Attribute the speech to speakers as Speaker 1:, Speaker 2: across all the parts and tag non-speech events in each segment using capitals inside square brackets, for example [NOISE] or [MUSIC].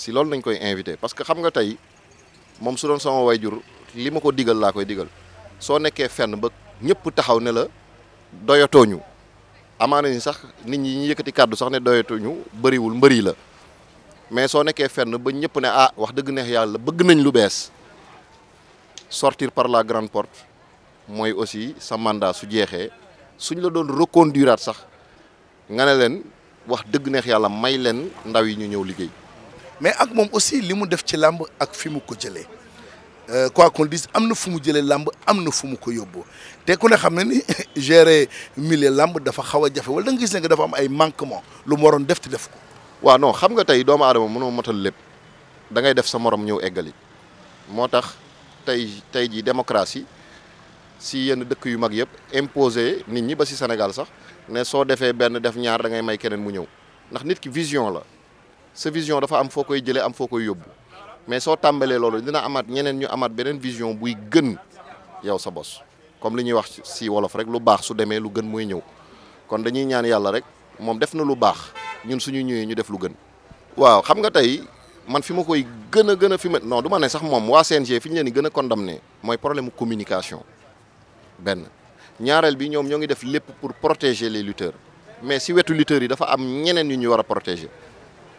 Speaker 1: si loolu lañ koy inviter parce que xam nga tay mom su doon sama wayjur limako ma ko digal laa koy digal so nekké fenn ba ñepp taxaw ne la ñu amana ni sax nit ñi yëkëti yëkkati sax ne doyatooñu wul mbëri la mais so nekké fenn ba ñepp ne ah wax deug neex yalla bëgg nañ lu bees sortir par la grande porte moy aussi sa mandat su jeexee suñ la doon reconduire sax nga ne len wax deug neex yalla may len ndaw yi ñu ñëw
Speaker 2: liggéey mais ak moom aussi li mu def ci làmb ak fi mu ko jëlee euh, quoi qu'on dise am na fu mu jëlee làmb am na fu mu ko yóbboo te ku ne xam ne ni [LAUGHS] gérer millier làmb dafa xaw a jafe wala da gis ne dafa am ay manquement lu mu waroon def te def ko. waaw non xam nga tey
Speaker 1: doomu aadama mënoo motal lépp da def sa morom ñëw eggali moo tax tey tey jii démocratie si yenn dëkk yu mag yëpp imposé nit ñi ba si Sénégal sax ne soo defee benn def ñaar da ngay may keneen mu ñëw ndax nit ki vision la. sa vision dafa am foo koy jëlee am foo koy yóbbu mais soo tàmbalee loolu dina amaat ñeneen ñu amaat beneen vision buy gën yow sa bos comme li ñuy wax si wolof rek lu baax su demee lu gën mooy ñëw kon dañuy ñaan yàlla rek moom def na lu baax ñun suñu ñëwee ñu def lu gën. waaw xam nga tey man fi ma koy gën a gën a fi ma non du ma ne sax moom waa CNG fi ñu leen di gën a condamné mooy problème communication benn ñaareel bi ñoom ñoo ngi def lépp pour protéger les lutteurs mais si wetu lutteurs yi dafa am ñeneen ñu ñu war a protéger.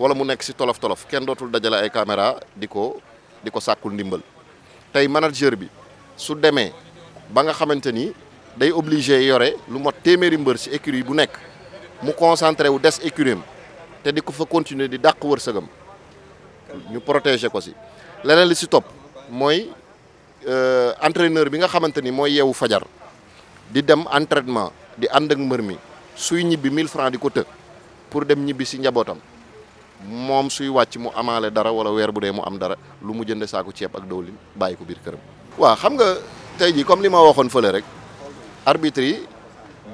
Speaker 1: wala mu nek ci tolof tolof kenn dotul dajala ay caméra diko diko sakul ndimbal tay manager bi su démé ba nga xamanteni day obligé yoré lu mot téméri mbeur ci écurie bu nek mu concentré wu dess écurie am te diko fa continuer di dakk wërsegam ñu protéger ko si leneen li top moy euh entraîneur bi nga xamanteni moy yewu fajar di dem entraînement di and ak mbeur mi suy ñibbi 1000 francs di teuk pour dem ñibbi ci njabotam moom suy wàcc mu amaale dara wala weer bu dee mu am dara lu mu jënd saako ceeb ak dawlin bàyyi ko biir këram. waa xam nga tey jii comme li ma waxoon fële rek arbitre yi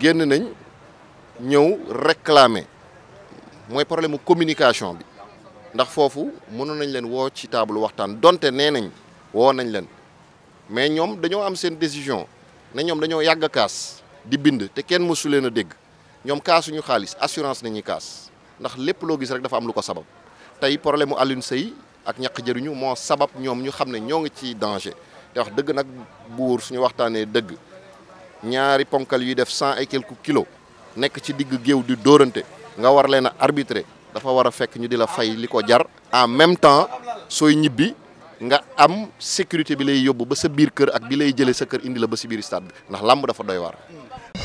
Speaker 1: génn nañ ñëw réclamer mooy problème mu communication bi ndax foofu mënoon nañ leen woo ci table waxtaan donte nee nañ woo nañ leen mais ñoom dañoo am seen décision ne ñoom dañoo yàgg a kaas di bind te kenn mësu leen a dégg ñoom kaasuñu xaalis assurance nañu kaas. ndax lepp lo gis rek dafa am lu ko sabab tay problème mu sey ak ñak jëruñu mo sabab ñom ñu xamne ñoo ngi ci danger te wax dëgg nak bour suñu waxtaanee dëgg ñaari ponkal yu def 100 et quelques kilo nek ci digg geew di doranté nga war leena arbitrer dafa wara fekk ñu dila fay liko jar en même temps soy ñibbi nga am sécurité bi lay yobbu ba sa biir kër ak bi lay jëlé sa kër indi la ba si biir stade ndax lamb dafa doy war